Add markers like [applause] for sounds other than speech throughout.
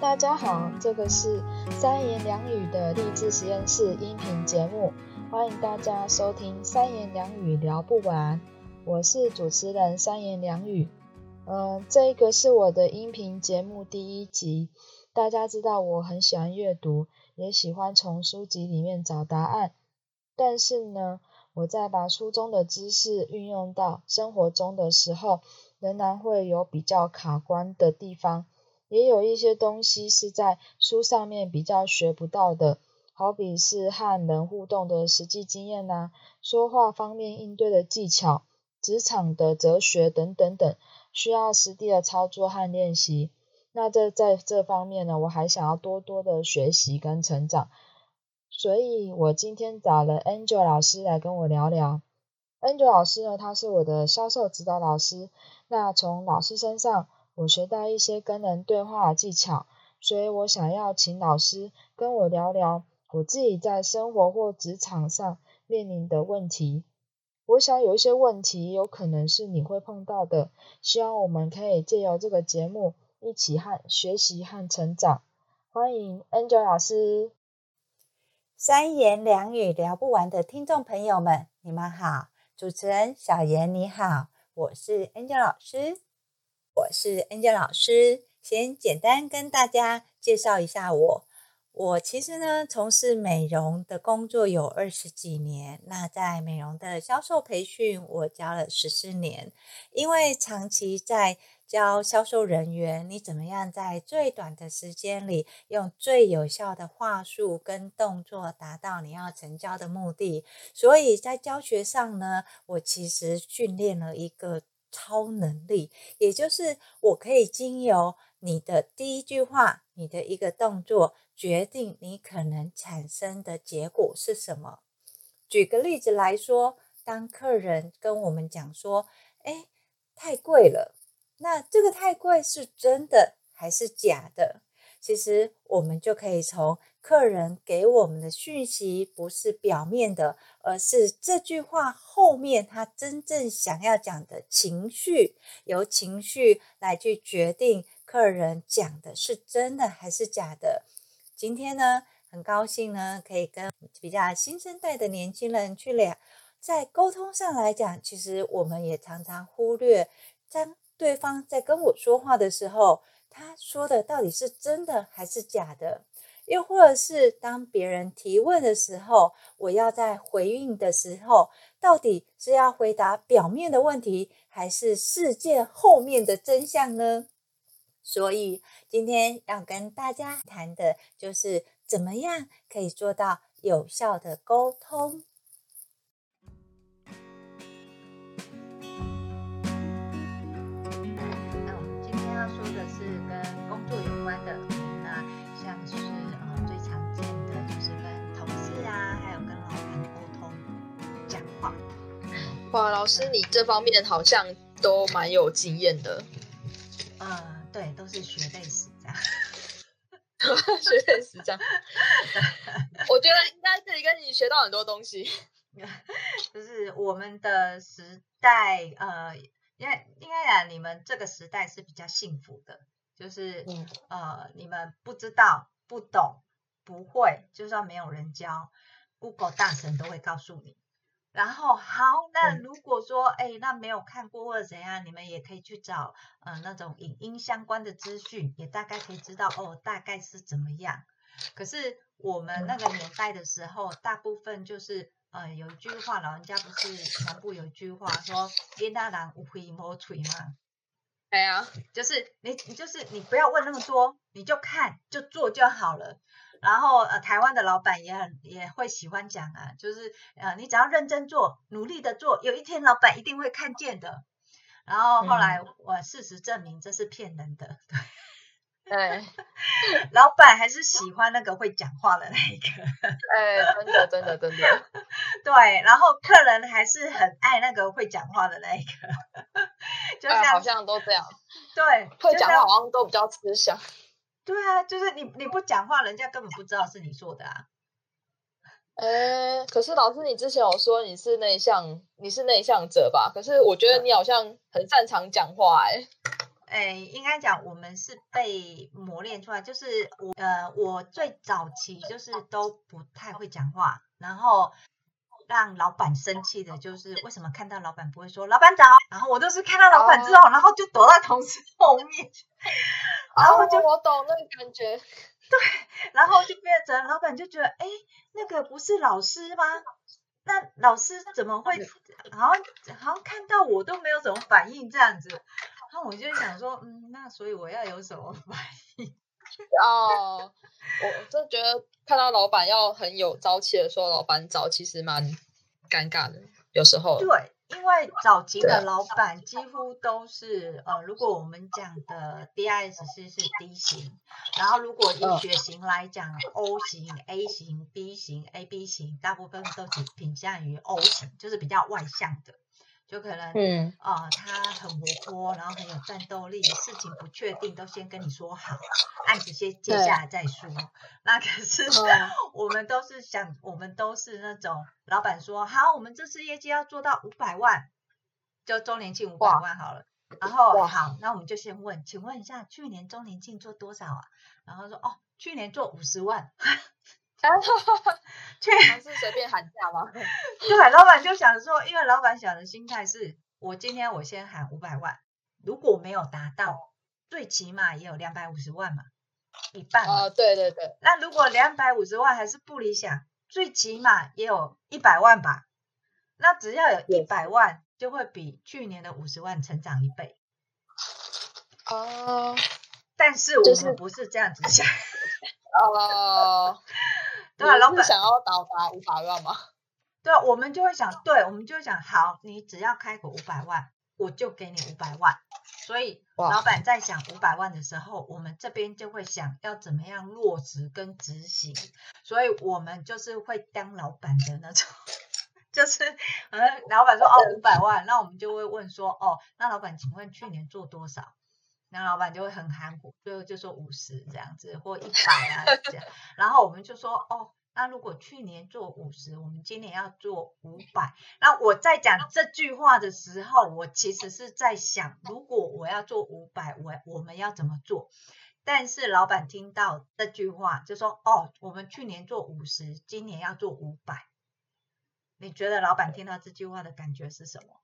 大家好，這個是三妍良語的勵志實驗室音頻節目，歡迎大家收聽三妍良語聊不完，我是主持人三妍良語。嗯、呃，這個是我的音頻節目第一集。大家知道我很喜歡閱讀，也喜歡從書籍裡面找答案，但是呢，我在把書中的知識運用到生活中的時候，仍然會有比較卡關的地方。也有一些東西是在書上面比較學不到的，好比是和人互動的實際經驗吶、啊，說話方面應對的技巧，職場的哲學等等等，需要實地的操作和練習。那這在這方面呢，我還想要多多的學習跟成長。所以我今天找了 Angel 老師來跟我聊聊。Angel 老師呢，他是我的銷售指導老師。那從老師身上。我學到一些跟人對話的技巧，所以我想要請老師跟我聊聊我自己在生活或職場上面臨的問題。我想有一些問題有可能是你會碰到的，希望我們可以借由這個節目一起和學習和成長。歡迎 Angel 老師，三妍良語聊不完的聽眾朋友們，你們好，主持人小妍你好，我是 Angel 老師。我是 Angel 老師，先簡單跟大家介紹一下我。我其實呢，從事美容的工作有二十幾年，那在美容的銷售培訓，我教了十四年。因為長期在教銷售人員，你怎麼樣在最短的時間裡，用最有效的話術跟動作，達到你要成交的目的。所以在教學上呢，我其實訓練了一個。超能力，也就是我可以經由你的第一句話、你的一個動作，決定你可能產生的結果是什麼。舉個例子來說，當客人跟我們講說：“哎，太貴了。”那這個太貴是真的還是假的？其實我們就可以從。客人給我們的訊息不是表面的，而是這句話後面他真正想要講的情緒，由情緒來去決定客人講的是真的還是假的。今天呢，很高興呢，可以跟比較新生代的年輕人去聊。在溝通上來講，其實我們也常常忽略，當對方在跟我說話的時候，他說的到底是真的還是假的。又或者是當別人提問的時候，我要在回應的時候，到底是要回答表面的問題，還是事件後面的真相呢？所以今天要跟大家談的就是怎麼樣可以做到有效的溝通。那我們今天要說的是跟工作有關的。哇，老師，你這方面好像都蠻有經驗的。嗯、呃，對，都是血淚史這樣， [laughs] 血淚史這樣， [laughs] 我覺得應該是跟你學到很多東西。就是我們的時代，呃，因為應該講你們這個時代是比較幸福的，就是，嗯、呃，你們不知道、不懂、不會，就算沒有人教，Google 大神都會告訴你。然後好，那如果說哎，那沒有看過或者怎樣，你們也可以去找呃那種影音相關的資訊，也大概可以知道哦，大概是怎麼樣。可是我們那個年代的時候，大部分就是呃有一句話，老人家不是全部有一句話說“邊那郎烏黑毛腿”嘛？對呀，就是你你就是你不要問那麼多，你就看就做就好了。然後呃，台灣的老闆也很也會喜歡講啊，就是呃，你只要認真做，努力的做，有一天老闆一定會看見的。然後後來我、嗯、事實證明這是騙人的，對，對、哎，老闆還是喜歡那個會講話的那一個，哎，真的真的真的，真的對，然後客人還是很愛那個會講話的那一個，就這、哎、好像都這樣，對，像會講話好像都比較吃香。對啊，就是你你不講話，人家根本不知道是你做的啊。哎、欸，可是老師，你之前有說你是內向，你是內向者吧？可是我覺得你好像很擅長講話哎、欸。哎、嗯欸，應該講我們是被磨練出來，就是我呃，我最早期就是都不太會講話，然後讓老板生氣的就是為什麼看到老板不會說「老板早」，然後我都是看到老板之後，然後就躲到同事後面。啊 [laughs] 然後我就我懂那個感覺，對，然後就變成老闆就覺得，哎，那個不是老師嗎？那老師怎麼會，好像好像看到我都沒有什麼反應這樣子，然後我就想說，嗯，那所以我要有什麼反應？哦，我就覺得看到老闆要很有朝氣的說老闆早，其實蠻尷尬的，有時候。對。因為早期的老闆幾乎都是，呃，如果我們講的 D、I、S 是是 D 型，然後如果以血型來講，oh.，O 型、A 型、B 型、AB 型，大部分都是偏向於 O 型，就是比較外向的。就可能，嗯，哦，他很活潑，然後很有戰鬥力，事情不確定都先跟你說好，案子先接下來再說。對那可是、嗯、我們都是想，我們都是那種老板說好，我們這次業績要做到五百萬，就周年慶五百萬好了。哇然後好，那我們就先問，請問一下，去年周年慶做多少啊？然後說哦，去年做五十萬。 [laughs] 去、啊、是隨便喊價嗎？就 [laughs] 對，老闆就想說，因為老闆想的心態是，我今天我先喊五百萬，如果沒有達到，最起碼也有兩百五十萬嘛，一半。哦、啊，對對對。那如果兩百五十萬還是不理想，最起碼也有一百萬吧？那只要有一百萬，對就會比去年的五十萬成長一倍。哦、啊，但是我們、就是、不是這樣子想。哦、啊。啊 [laughs] 對老闆想要達到五百萬嗎？對，我們就會想，對我們就會想，好，你只要開口五百萬，我就給你五百萬。所以，老闆在想五百萬的時候，我們這邊就會想要怎麼樣落實跟執行。所以，我們就是會當老闆的那種，就是，嗯，老闆說哦五百萬，那我們就會問說，哦，那老闆請問去年做多少？那老闆就會很含糊，最後就說五十這樣子，或一百啊 [laughs] 這樣。然後我們就說，哦，那如果去年做五十，我們今年要做五百。那我在講這句話的時候，我其實是在想，如果我要做五百，我我們要怎麼做？但是老闆聽到這句話，就說，哦，我們去年做五十，今年要做五百。你覺得老闆聽到這句話的感覺是什麼？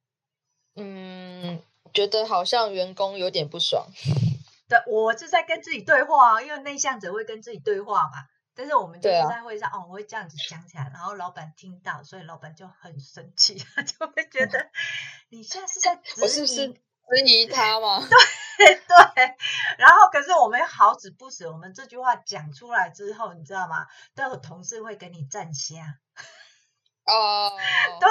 嗯。我覺得好像員工有點不爽，對，我是在跟自己對話啊，因為內向者會跟自己對話嘛。但是我們就不在會上，啊、哦，我會這樣子講起來，然後老板聽到，所以老板就很生氣， [laughs] 就會覺得 [laughs] 你現在是在質疑質疑他嘛？ [laughs] 對對。然後可是我們好死不死，我們這句話講出來之後，你知道嗎？都有同事會給你站起來、啊。哦，oh, oh, oh, oh. 對，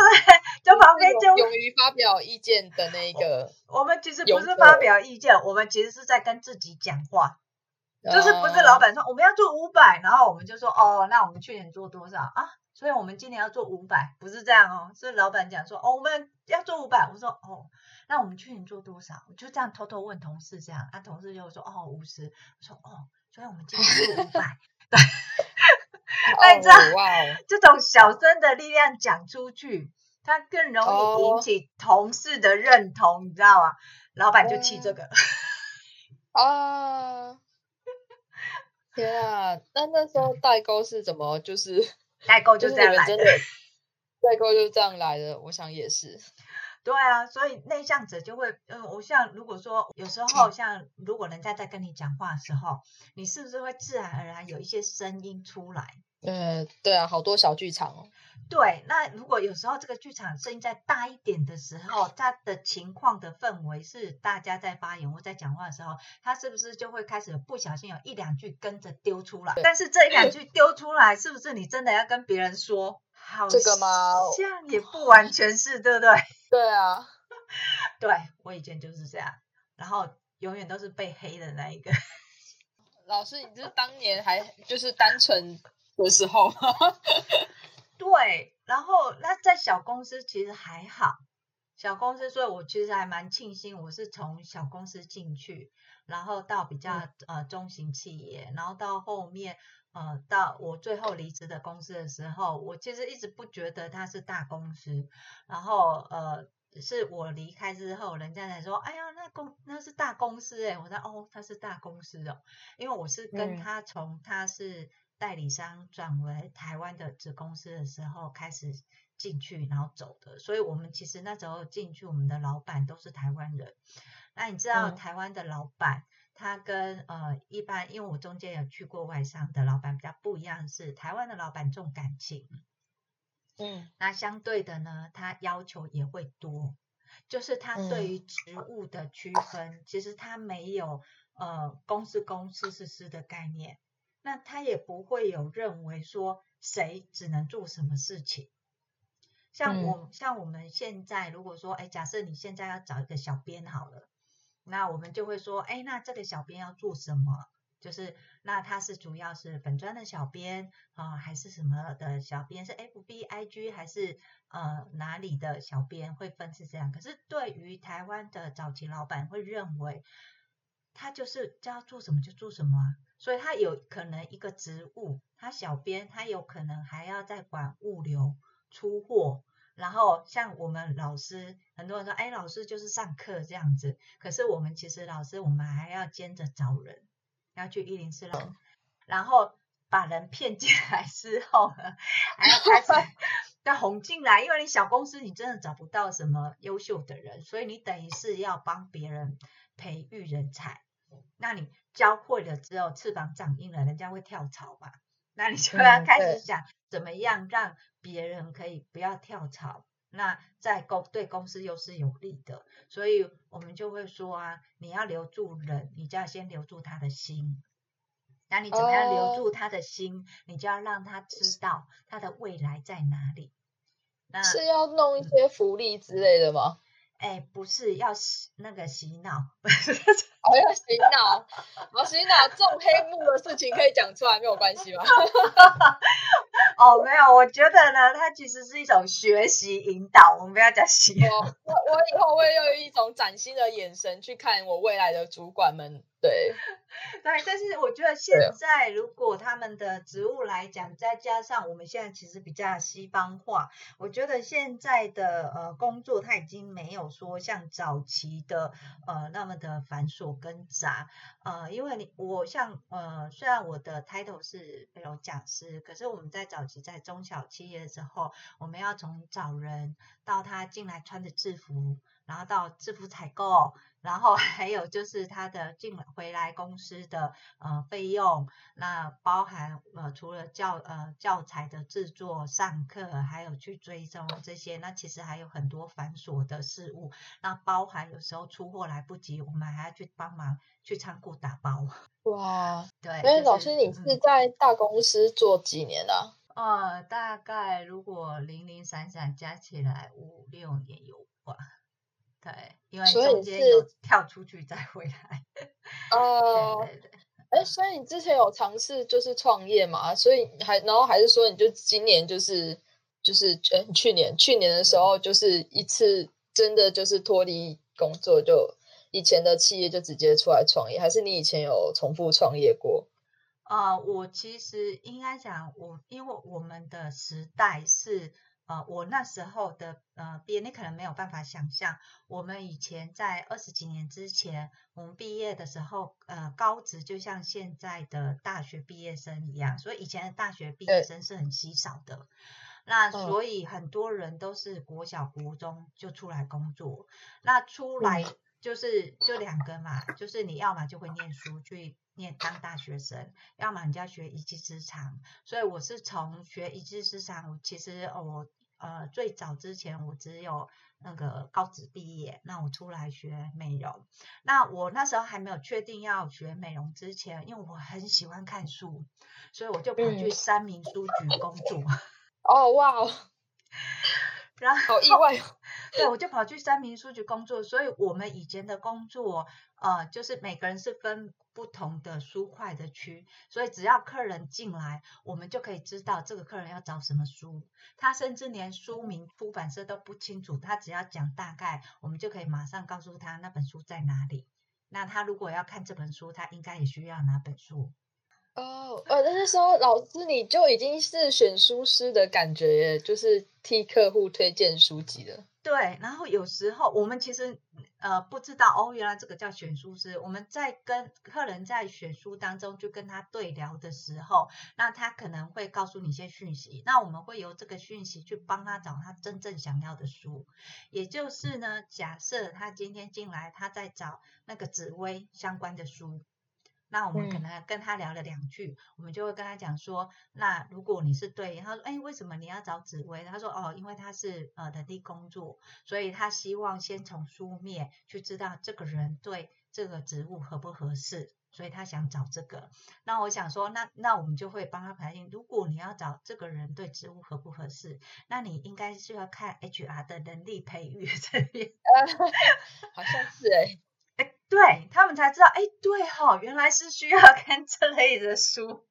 就旁邊就，就勇於發表意見的那個。我，我們其實不是發表意見，我們其實是在跟自己講話。就是不是老板說我們要做五百，然後我們就說哦，那我們去年做多少啊？所以我們今年要做五百，不是這樣哦。是老板講說哦，我們要做五百，我說哦，那我們去年做多少？我就這樣偷偷問同事這樣，啊，同事就說哦，五十，50，我說哦，所以我們今年做五百， [laughs] 對。那你知道、oh, wow. 這種小聲的力量講出去，它更容易引起同事的認同，oh. 你知道嗎、啊？老板就氣這個啊！Uh, 天啊，那那時候代溝是怎麼？就是代溝就這樣來的，代溝就這樣來的，我想也是。對啊，所以內向者就會，嗯，我像如果說有時候，像如果人家在跟你講話的時候，你是不是會自然而然有一些聲音出來？呃、嗯，對啊，好多小劇場哦。對，那如果有時候這個劇場聲音再大一點的時候，他的情況的氛圍是大家在發言或在講話的時候，他是不是就會開始不小心有一兩句跟着丟出來？對但是這一兩句丟出來， [coughs] 是不是你真的要跟別人說？好像也不完全是，對不對？對啊， [laughs] 對我以前就是這樣，然後永遠都是被黑的那一個。老師，你這是當年還就是單純？的時候， [laughs] 對，然後那在小公司其實還好，小公司，所以我其實還蠻慶幸我是從小公司進去，然後到比較、嗯、呃中型企業，然後到後面呃到我最後離職的公司的時候，我其實一直不覺得他是大公司，然後呃是我離開之後，人家才說，哎呀，那公那是大公司哎，欸，我說哦，他是大公司哦，因為我是跟他從他是。嗯代理商轉為台灣的子公司的時候，開始進去，然後走的。所以我們其實那時候進去，我們的老闆都是台灣人。那你知道台灣的老闆，他跟呃一般，因為我中間有去過外商的老闆比較不一樣，是台灣的老闆重感情。嗯。那相對的呢，他要求也會多，就是他對於職務的區分，其實他沒有呃公是公，私是私的概念。那他也不會有認為說誰只能做什麼事情，像我像我們現在如果說，哎，假設你現在要找一個小編好了，那我們就會說，哎，那這個小編要做什麼？就是那他是主要是本專的小編啊，還是什麼的小編？是 FB、IG 還是呃哪裡的小編？會分是這樣。可是對於台灣的早期老闆會認為，他就是叫做什麼就做什麼啊。所以他有可能一個職務，他小編他有可能還要再管物流出貨，然後像我們老師，很多人說，哎，老師就是上課這樣子。可是我們其實老師，我們還要兼着找人，要去一零四樓，然後把人騙進來之後，還要開始再哄 [laughs] 進來，因為你小公司，你真的找不到什麼優秀的人，所以你等於是要幫別人培育人才，那你。教會了之後，翅膀長硬了，人家會跳槽嘛？那你就要開始想怎麼樣讓別人可以不要跳槽，嗯、那在公，對公司又是有利的。所以我們就會說啊，你要留住人，你就要先留住他的心。那你怎麼樣留住他的心？呃、你就要讓他知道他的未來在哪裡。那是要弄一些福利之類的嗎？嗯哎，不是要洗那個洗腦，不是，我 [laughs] 要、哦、洗腦，我、哦、洗腦，種黑幕的事情可以講出來沒有關係嗎？哦，沒有，我覺得呢，它其實是一種學習引導，我們不要講洗腦。我、哦、我以後會用一種嶄新的眼神去看我未來的主管們。對，對，但是我覺得現在如果他們的職務來講，對再加上我們現在其實比較西方化，我覺得現在的呃工作它已經沒有說像早期的呃那麼的繁瑣跟雜，呃，因為你我像呃雖然我的 title 是那種講師，可是我們在早期在中小企業的時候，我們要從找人到他進來穿着制服，然後到制服採購。然後還有就是他的進回來公司的呃費用，那包含呃除了教呃教材的制作、上課，還有去追蹤這些，那其實還有很多繁瑣的事物。那包含有時候出貨來不及，我們還要去幫忙去倉庫打包。哇，對。所以老師，你是在大公司做幾年啊？啊、嗯呃，大概如果零零散散加起來五,五六年有吧。對，因為所以你是跳出去再回來，哦，哎 [laughs] 對、呃，所以你之前有嘗試就是創業嘛？所以還然後還是說你就今年就是就是呃去年去年的時候就是一次真的就是脫離工作，就以前的企業就直接出來創業，還是你以前有重複創業過？啊、呃，我其實應該講我，因為我們的時代是。呃，我那時候的呃畢業，你可能沒有辦法想象，我們以前在二十幾年之前，我們畢業的時候，呃，高職就像現在的大學畢業生一樣，所以以前的大學畢業生是很稀少的，欸、那所以很多人都是國小、國中就出來工作，那出來、嗯。就是就兩個嘛，就是你要麼就會念書去念當大學生，要麼你就要學一技之長。所以我是從學一技之長，我其實我呃最早之前我只有那個高職畢業，那我出來學美容。那我那時候還沒有確定要學美容之前，因為我很喜歡看書，所以我就跑去三民書局工作。哦，哇哦，然後好意外。 [laughs] 對，我就跑去三民書局工作，所以我們以前的工作，呃，就是每個人是分不同的書塊的區，所以只要客人進來，我們就可以知道這個客人要找什麼書。他甚至連書名、出版社都不清楚，他只要講大概，我們就可以馬上告訴他那本書在哪裡。那他如果要看這本書，他應該也需要哪本書？Oh, 哦，呃但是說，老師你就已經是選書師的感覺，就是替客戶推薦書籍了。對，然後有時候我們其實呃不知道哦，原來這個叫選書師。我們在跟客人在選書當中，就跟他對聊的時候，那他可能會告訴你一些訊息，那我們會由這個訊息去幫他找他真正想要的書。也就是呢，假設他今天進來，他在找那個紫微相關的書。那我們可能跟他聊了兩句，對我們就會跟他講說，那如果你是對，他說，哎，為什麼你要找紫薇？他說，哦，因為他是呃人力工作，所以他希望先從書面去知道這個人對這個職務合不合適，所以他想找這個。那我想說，那那我們就會幫他排定。如果你要找這個人對職務合不合適，那你應該是要看 HR 的能力培育這邊， [laughs] 好像是哎。對他們才知道，哎，對哦，原來是需要看這類的書，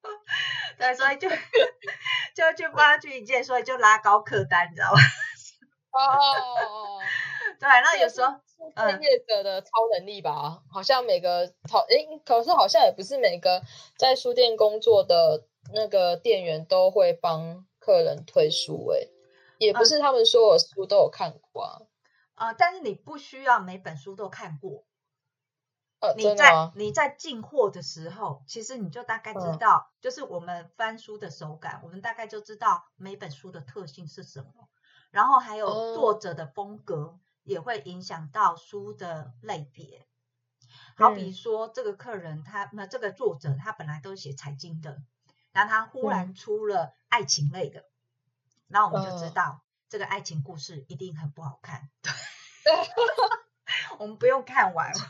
對，所以就 [laughs] 就就去幫他去引薦，所以就拉高客單，你知道嗎？哦， [laughs] 對，那有時候創業是、呃、者的超能力吧，好像每個好，哎、欸，可是好像也不是每個在書店工作的那個店員都會幫客人推書，哎，也不是他們說我書都有看過啊，啊、嗯嗯嗯嗯，但是你不需要每本書都看過。你在、哦、你在進貨的時候，其實你就大概知道，嗯、就是我們翻書的手感，我們大概就知道每本書的特性是什麼，然後還有作者的風格也會影響到書的類別。嗯、好比說，這個客人他那這個作者他本來都是寫財經的，然後他忽然出了愛情類的，那、嗯、我們就知道、嗯、這個愛情故事一定很不好看。對，我們不用看完。 [laughs]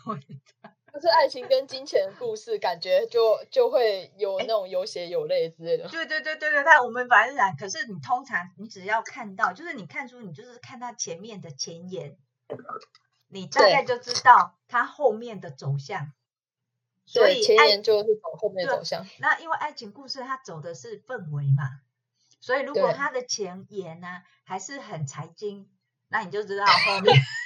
就是愛情跟金錢的故事，感覺就就會有那種有血有淚之類的、欸。對對對對對，他我們反而染可是你通常你只要看到，就是你看出你就是看他前面的前言，你大概就知道他後面的走向。對所以愛前言就是從後面的走向。那因為愛情故事它走的是氛圍嘛，所以如果它的前言呢、啊、對還是很財經，那你就知道後面。 [laughs]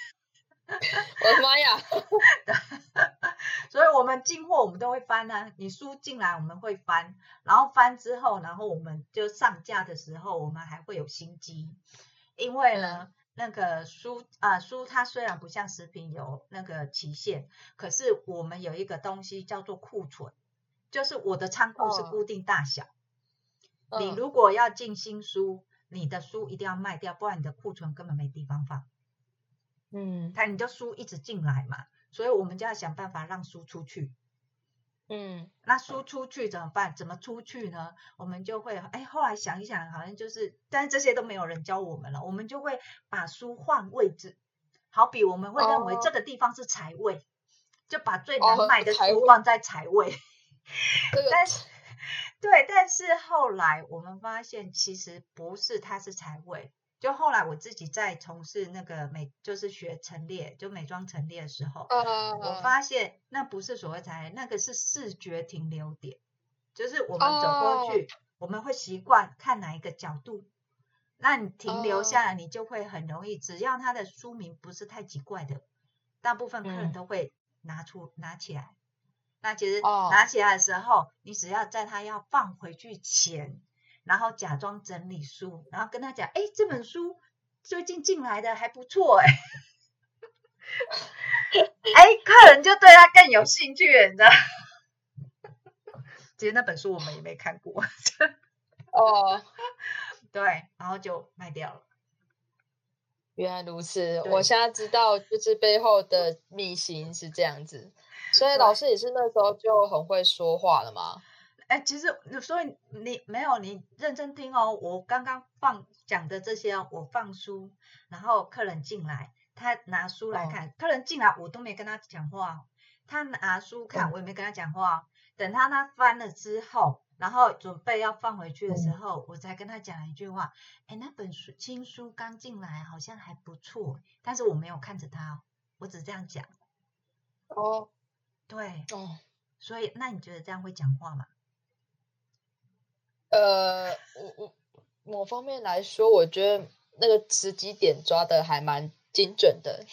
[laughs] 我的媽呀！ [laughs] 所以，我們進貨，我們都會翻呢、啊。你書進來，我們會翻，然後翻之後，然後我們就上架的時候，我們還會有新機。因為呢，那個書啊書，呃、它雖然不像食品有那個期限，可是我們有一個東西叫做庫存，就是我的倉庫是固定大小。Oh. Oh. 你如果要進新書，你的書一定要賣掉，不然你的庫存根本沒地方放。嗯，他你就書一直進來嘛，所以我們就要想辦法讓書出去。嗯，那書出去怎麼辦？嗯、怎麼出去呢？我們就會哎、欸，後來想一想，好像就是，但是這些都沒有人教我們了，我們就會把書換位置。好比我們會認為這個地方是財位，哦、就把最難賣的書放在財位。但是對，但是後來我們發現，其實不是，它是財位。就後來我自己在從事那個美，就是學陳列，就美妝陳列的時候，uh, uh, 我發現那不是所謂才，那個是視覺停留點，就是我們走過去，uh, 我們會習慣看哪一個角度，那你停留下來，你就會很容易，uh, 只要它的書名不是太奇怪的，大部分客人都會拿出、嗯、拿起來，那其實拿起來的時候，uh, 你只要在它要放回去前。然後假裝整理書，然後跟他講：“哎，這本書最近進來的還不錯，哎，哎，客人就對他更有興趣，你知道？其實那本書我們也沒看過，哦，對，然後就賣掉了。原來如此，對我現在知道，就是背後的秘辛是這樣子。所以老師也是那時候就很會說話了嗎？”哎，其實，所以你沒有你認真聽哦。我剛剛放講的這些、哦，我放書，然後客人進來，他拿書來看。哦、客人進來，我都沒跟他講話。他拿書看，哦、我也沒跟他講話。等他他翻了之後，然後準備要放回去的時候，嗯、我才跟他講了一句話：“哎，那本書新書剛進來，好像還不錯。”但是我沒有看着他、哦，我只是這樣講。哦，對哦，所以那你覺得這樣會講話嗎？呃，我我某方面來說，我覺得那個時機點抓得還蠻精準的。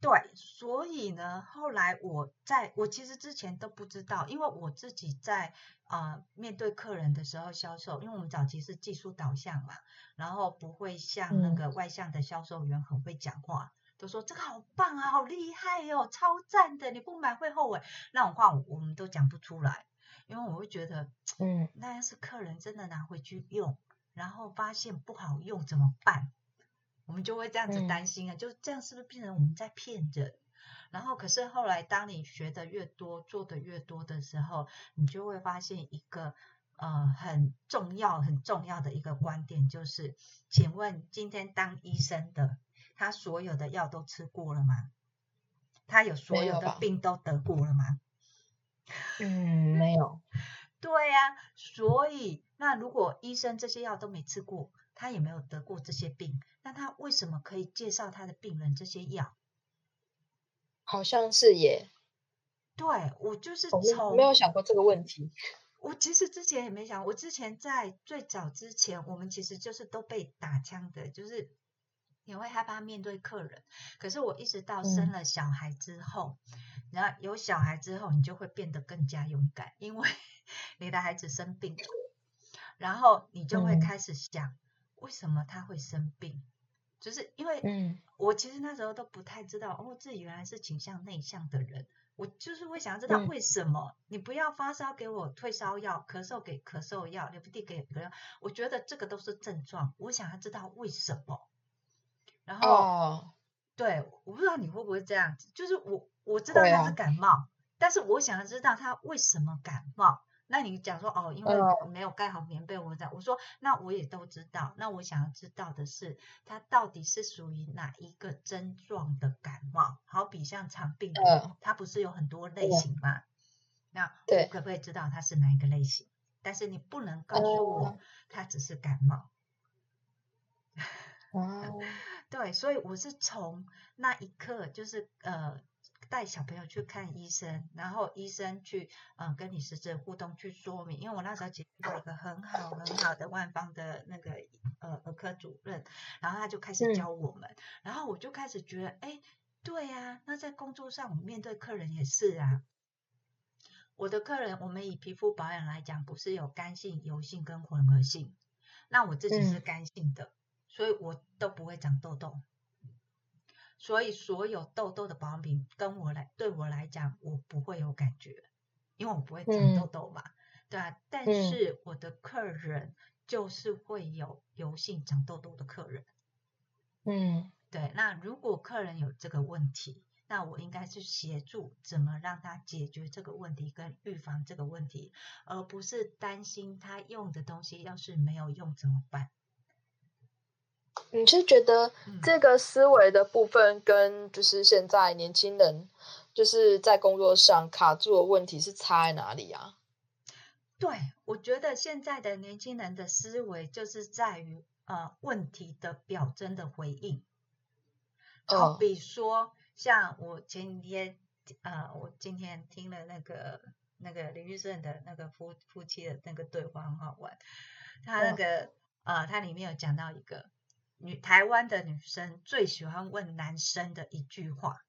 對，所以呢，後來我在，我其實之前都不知道，因為我自己在啊、呃、面對客人的時候銷售，因為我們早期是技術導向嘛，然後不會像那個外向的銷售員很會講話，嗯、都說這個好棒啊，好厲害喲、哦，超讚的，你不買會後悔那種話，我們都講不出來。因為我會覺得，嗯，那要是客人真的拿回去用，嗯、然後發現不好用怎麼辦？我們就會這樣子擔心啊，嗯、就這樣是不是變成我們在騙人？然後，可是後來當你學的越多，做的越多的時候，你就會發現一個呃很重要很重要的一個觀點，就是，請問今天當醫生的，他所有的藥都吃過了嗎？他有所有的病都得過了嗎？嗯，沒有。對呀、啊，所以那如果醫生這些藥都沒吃過，他也沒有得過這些病，那他為什麼可以介紹他的病人這些藥？好像是耶。對我就是從沒有想過這個問題。我其實之前也沒想過，我之前在最早之前，我們其實就是都被打槍的，就是。你會害怕面對客人，可是我一直到生了小孩之後，嗯、然後有小孩之後，你就會變得更加勇敢，因為你的孩子生病，然後你就會開始想，為什麼他會生病？嗯、就是因為，嗯，我其實那時候都不太知道，嗯、哦，自己原來是傾向內向的人，我就是會想要知道為什麼。嗯、你不要發燒給我退燒藥，咳嗽給咳嗽藥，流鼻涕給鼻藥， [noise] 我覺得這個都是症狀，我想要知道為什麼。然後，oh, 對，我不知道你會不會這樣。就是我，我知道他是感冒，啊、但是我想要知道他為什麼感冒。那你講說哦，因為沒有蓋好棉被，我講，我說那我也都知道。那我想要知道的是，他到底是屬於哪一個症狀的感冒？好比像腸病毒，它、uh, 不是有很多類型嗎？Uh, 那我可不可以知道它是哪一個類型？Uh, 但是你不能告訴我，uh, 他只是感冒。哇，Wow. 對，所以我是從那一刻就是呃帶小朋友去看醫生，然後醫生去嗯、呃、跟你實質互動去說明，因為我那時候接觸到一個很好很好的萬芳的那個呃兒科主任，然後他就開始教我們，嗯、然後我就開始覺得，哎，對呀、啊，那在工作上我們面對客人也是啊。我的客人，我們以皮膚保養來講，不是有乾性、油性跟混合性，那我自己是乾性的。嗯所以我都不會長痘痘，所以所有痘痘的保養品跟我來，對我來講，我不會有感覺，因為我不會長痘痘嘛，嗯、對啊，但是我的客人就是會有油性長痘痘的客人，嗯，對。那如果客人有這個問題，那我應該是協助怎麼讓他解決這個問題，跟預防這個問題，而不是擔心他用的東西要是沒有用怎麼辦。你是覺得這個思維的部分跟，就是現在年輕人就是在工作上卡住的問題是差在哪裡啊？嗯、對我覺得現在的年輕人的思維就是在於呃問題的表徵的回應，好比說像我前幾天呃，我今天聽了那個那個林玉生的那個夫夫妻的那個對話很好玩，他那個啊、嗯呃、他裡面有講到一個。女台灣的女生最喜歡問男生的一句話，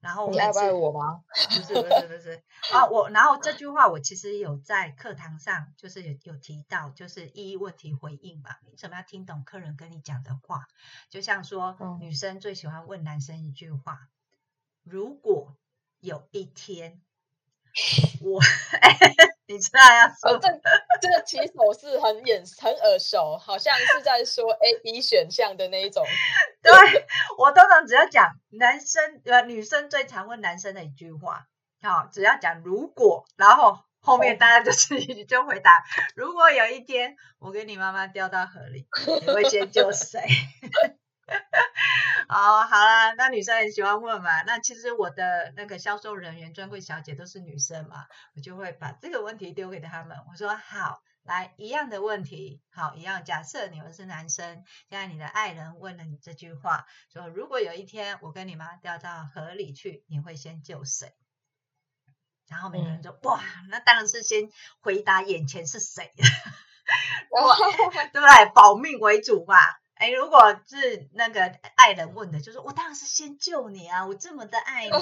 然後我你愛不愛我嗎？ [laughs] 不是不是不是啊！我然後這句話我其實有在課堂上就是有有提到，就是一一問題回應嘛。你怎麼要聽懂客人跟你講的話？就像說、嗯、女生最喜歡問男生一句話：如果有一天我。 [laughs] 你知道要說正、哦、這個起手是很眼 [laughs] 很耳熟，好像是在說 A、 [laughs] B 選項的那一種。對，對我通常只要講男生呃女生最常問男生的一句話，好、哦，只要講如果，然後後面大家就是、哦、 [laughs] 就回答：如果有一天我跟你媽媽掉到河裡，你會先救誰？ [laughs] [laughs] 哦， [laughs] 好啦。那女生很喜歡問嘛。那其實我的那個銷售人員、專櫃小姐都是女生嘛，我就會把這個問題丟給她們。我說好，來，一樣的問題，好，一樣。假設你們是男生，現在你的愛人問了你這句話，說如果有一天我跟你媽掉到河裡去，你會先救誰？然後每個人就：嗯、哇，那當然是先回答眼前是誰，對不對？保命為主嘛。哎，如果是那個愛人問的，就是我當然是先救你啊，我這麼的愛你，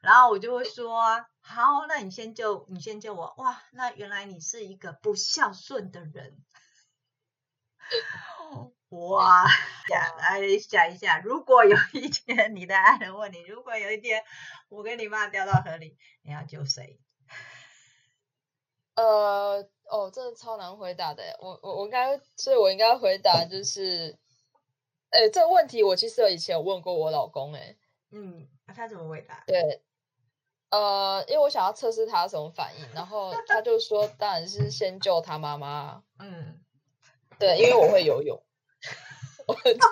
然後我就會說好，那你先救你先救我。哇，那原來你是一個不孝順的人。哇，想來想一下，如果有一天你的愛人問你，如果有一天我跟你媽掉到河裡，你要救誰？呃，哦，真的超難回答的，我我我應該，所以我應該回答就是。哎、欸，這個問題我其實以前有問過我老公、欸，哎，嗯，他怎麼回答？對，呃，因為我想要測試他什麼反應，然後他就說，當然是先救他媽媽。嗯，對，因為我會游泳， [laughs] 我很懂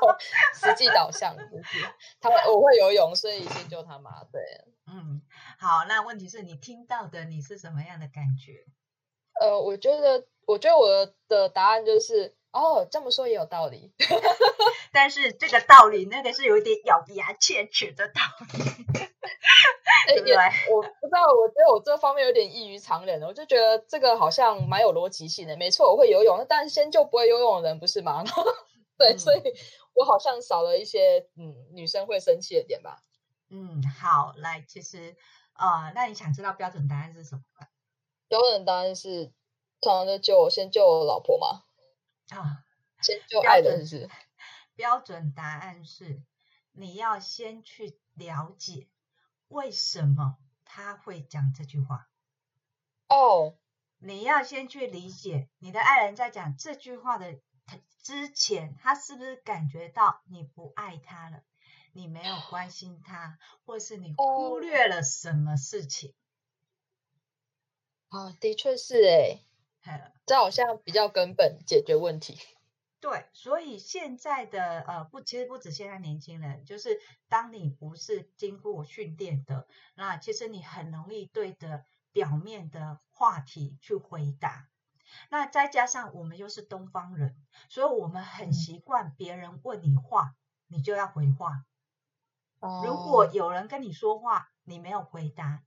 實際導向，他們我會游泳，所以先救他媽。對，嗯，好，那問題是你聽到的，你是什麼樣的感覺？呃，我覺得，我覺得我的答案就是。哦，這麼說也有道理， [laughs] 但是這個道理那個是有點咬牙切齒的道理， [laughs] 對不對？我不知道，我覺得我這方面有點異於常人，我就覺得這個好像蠻有邏輯性的。沒錯，我會游泳，但先救不會游泳的人不是嗎？ [laughs] 對，嗯、所以我好像少了一些嗯，女生會生氣的點吧。嗯，好，來，其實啊、呃，那你想知道標準答案是什麼？標準答案是，常常就救我，先救我老婆嘛。啊，標準是標準答案是，你要先去了解為什麼他會講這句話。哦，你要先去理解你的愛人，在講這句話的之前，他是不是感覺到你不愛他了？你沒有關心他，哦、或是你忽略了什麼事情？啊、哦，的確是誒、欸。這好像比較根本解決問題。對，所以現在的呃，不，其實不止現在年輕人，就是當你不是經過訓練的，那其實你很容易對着表面的話題去回答。那再加上我們又是東方人，所以我們很習慣別人問你話，你就要回話。哦、嗯。如果有人跟你說話，你沒有回答，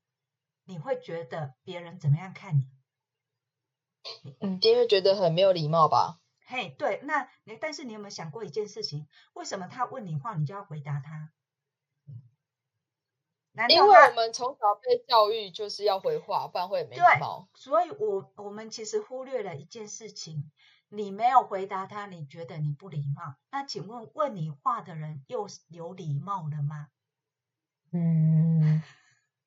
你會覺得別人怎麼樣看你？你爹會覺得很沒有禮貌吧？嘿，hey, 對，那你但是你有沒有想過一件事情？為什麼他問你話，你就要回答他？難道他因為我們從小被教育就是要回話，不然會沒禮貌。對。所以我，我我們其實忽略了一件事情：你沒有回答他，你覺得你不禮貌。那請問問你話的人又有禮貌了嗎？嗯，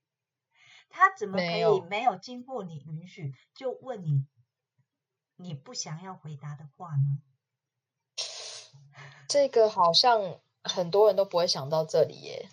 [laughs] 他怎麼可以沒有經過你允許有就問你？你不想要回答的話呢？這個好像很多人都不會想到這裡耶。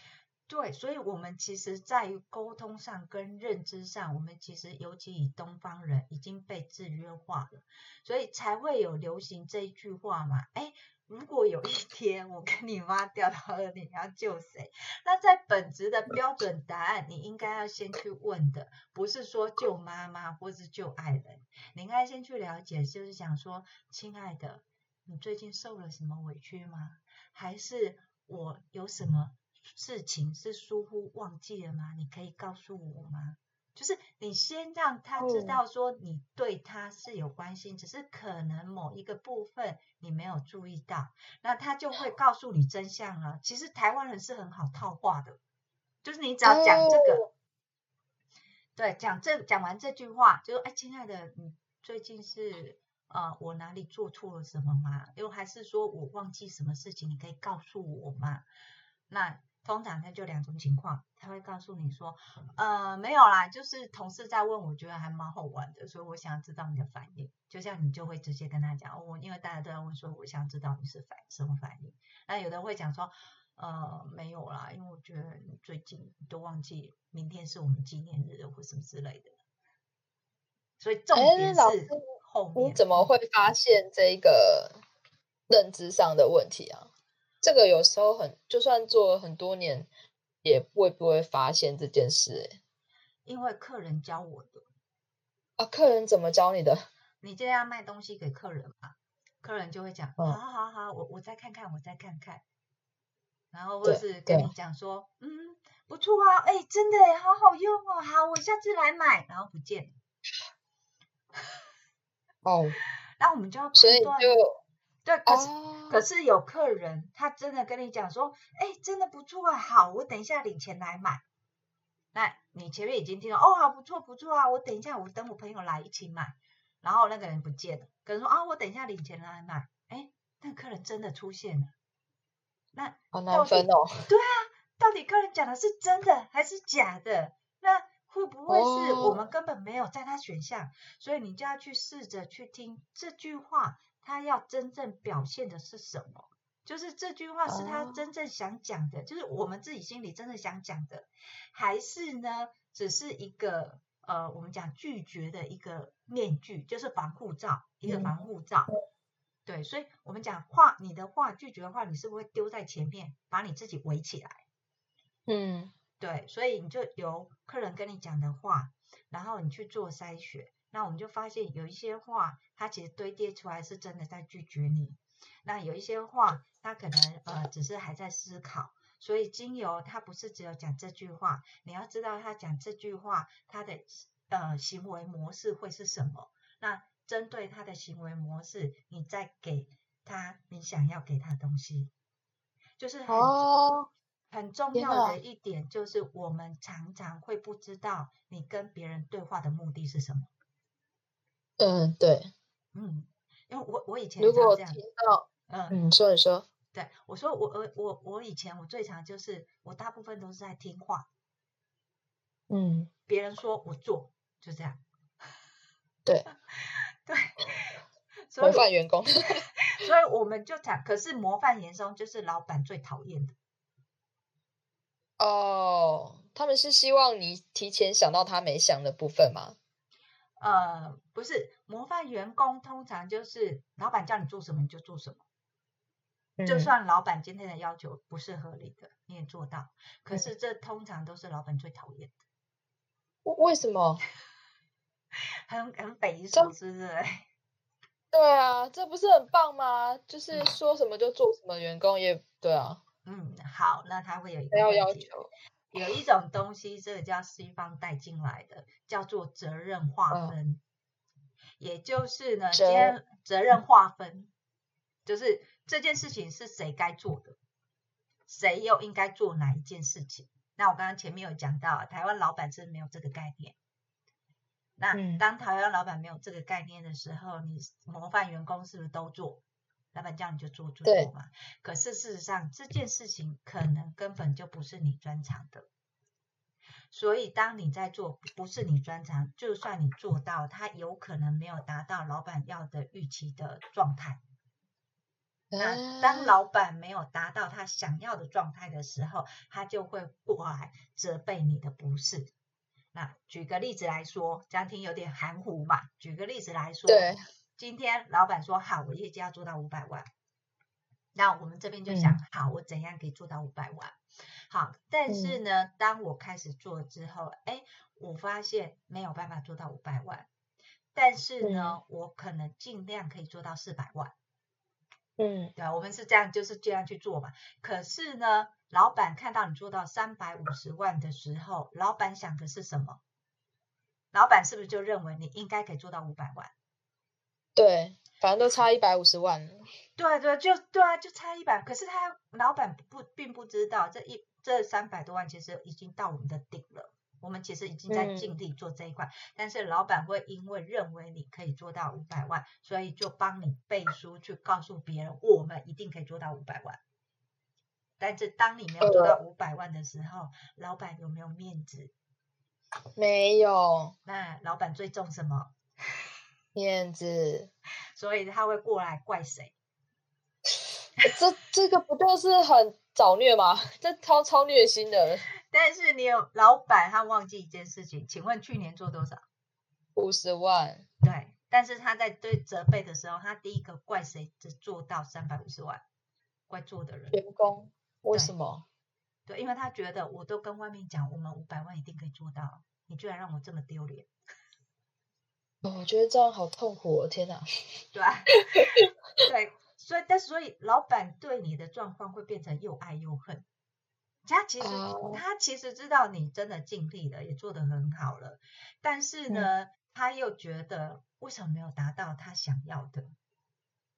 對，所以我們其實在於溝通上跟認知上，我們其實尤其以東方人已經被制約化了，所以才會有流行這一句話嘛。誒如果有一天我跟你媽掉到河裡，你要救誰？那在本質的標準答案，你應該要先去問的，不是說救媽媽，或是救愛人，你應該先去了解，就是想說，親愛的，你最近受了什麼委屈嗎？還是我有什麼事情是疏忽忘記了嗎？你可以告訴我嗎？就是你先讓他知道說你對他是有關心，嗯、只是可能某一個部分你沒有注意到，那他就會告訴你真相了。其實台灣人是很好套話的，就是你只要講這個，嗯、對，講這講完這句話，就說哎，親愛的，你最近是呃我哪裡做錯了什麼嗎？又還是說我忘記什麼事情，你可以告訴我嗎？那。通常他就兩種情況，他會告訴你說，呃，沒有啦，就是同事在問，我覺得還蠻好玩的，所以我想要知道你的反應。就像你就會直接跟他講，我、哦、因為大家都在問，所以我想知道你是反什麼反應。那有的人會講說，呃，沒有啦，因為我覺得你最近都忘記明天是我們紀念日或什麼之類的，所以重點是後面，老師，你怎麼會發現這個認知上的問題啊？這個有時候很，就算做了很多年，也不會不會發現這件事，欸，因為客人教我的。啊，客人怎麼教你的？你就要賣東西給客人嘛，客人就會講，嗯、好好好，我我再看看，我再看看，然後或是跟你講說，嗯，不錯啊，哎，真的哎，好好用哦，啊，好，我下次來買，然後不見了哦。 [laughs] 那我們就要判斷，所以就，對哦。可是有客人，他真的跟你講說，哎、欸，真的不錯啊，好，我等一下領錢來買。那你前面已經聽了，哦，不錯不錯啊，我等一下，我等我朋友來一起買。然後那個人不見了，可能說啊，我等一下領錢來買。哎、欸，那客人真的出現了，那好難分哦，對啊，到底客人講的是真的還是假的？那會不會是我們根本沒有在他選項？哦、所以你就要去試着去聽這句話。他要真正表現的是什麼？就是這句話是他真正想講的，哦、就是我們自己心裡真正想講的，還是呢，只是一個呃，我們講拒絕的一個面具，就是防護罩，一個防護罩。嗯、對，所以我們講話，你的話拒絕的話，你是不是會丟在前面，把你自己圍起來？嗯，對，所以你就由客人跟你講的話，然後你去做篩選。那我們就發現有一些話，他其實堆疊出來是真的在拒絕你。那有一些話，他可能呃只是還在思考。所以精油它不是只有講這句話，你要知道他講這句話，他的呃行為模式會是什麼。那針對他的行為模式，你再給他你想要給他東西，就是很很重要的一點，就是我們常常會不知道你跟別人對話的目的是什麼。嗯，對，嗯，因為我我以前這樣如果聽到，嗯，所以說你說，你說對，我說我我我我以前我最常就是我大部分都是在聽話，嗯，別人說我做就這樣，對， [laughs] 對， [laughs] 所以我模範員工， [laughs] 所以我們就講，可是模範員工就是老板最討厭的，哦，oh, 他們是希望你提前想到他沒想的部分嗎？呃，不是，模範員工通常就是老闆叫你做什麼你就做什麼，就算老闆今天的要求不是合理的，嗯、你也做到。可是這通常都是老闆最討厭的，嗯。為什麼？很很匪夷所思，是不是？對啊，這不是很棒嗎？就是說什麼就做什麼，員工也對啊。嗯，好，那他會有一個要求？有一種東西，這個叫西方帶進來的，叫做責任劃分，oh. 也就是呢，今天任劃分，嗯、就是這件事情是誰該做的，誰又應該做哪一件事情。那我剛剛前面有講到，台灣老闆是沒有這個概念。那當台灣老闆沒有這個概念的時候，你模範員工是不是都做？老闆叫你就做做嘛對，可是事實上這件事情可能根本就不是你專長的，所以當你在做不是你專長，就算你做到，他有可能沒有達到老闆要的預期的狀態。嗯、那當老闆沒有達到他想要的狀態的時候，他就會過來責備你的不是。那舉個例子來說，這樣有點含糊嘛，舉個例子來說。今天老闆說好，我業績要做到五百萬，那我們這邊就想、嗯、好，我怎樣可以做到五百萬？好，但是呢，嗯、當我開始做之後，哎，我發現沒有辦法做到五百萬，但是呢，嗯、我可能盡量可以做到四百萬。嗯，對，我們是這樣，就是這樣去做嘛。可是呢，老闆看到你做到三百五十萬的時候，老闆想的是什麼？老闆是不是就認為你應該可以做到五百萬？對，反正都差一百五十萬。對啊對啊，就對啊，就差一百。可是他老板不並不知道這一這三百多萬其實已經到我們的頂了。我們其實已經在盡力做這一塊，嗯、但是老板會因為認為你可以做到五百萬，所以就幫你背書，去告訴別人我們一定可以做到五百萬。但是當你沒有做到五百萬的時候，嗯、老板有沒有面子？沒有。那老板最重什麼？面子，所以他會過來怪誰？ [laughs] 這這個不就是很找虐嗎？這超超虐心的。但是你有老板，他忘記一件事情，請問去年做多少？五十萬。對，但是他在對責備的時候，他第一個怪誰？只做到三百五十萬，怪做的人。員工。為什麼？對，對，因為他覺得我都跟外面講，我們五百萬一定可以做到，你居然讓我這麼丟臉。我覺得這樣好痛苦哦！天哪，對啊， [laughs] 對，所以但是所以，老闆對你的狀況會變成又愛又恨。他其實、oh. 他其實知道你真的盡力了，也做得很好了，但是呢，嗯、他又覺得為什麼沒有達到他想要的？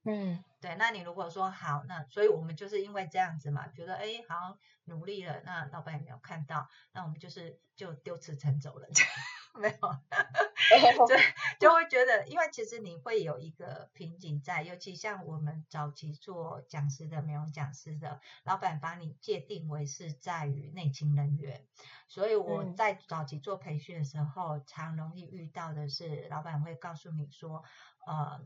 嗯。對，那你如果說好，那所以我們就是因為這樣子嘛，覺得哎，好像努力了，那老闆也沒有看到，那我們就是就丟辭呈走了，呵呵沒有，就 [laughs] [laughs] [laughs] 就會覺得，因為其實你會有一個瓶頸在，尤其像我們早期做講師的、美容講師的，老闆把你界定為是在於內勤人員，所以我在早期做培訓的時候，嗯、常容易遇到的是，老闆會告訴你說，呃。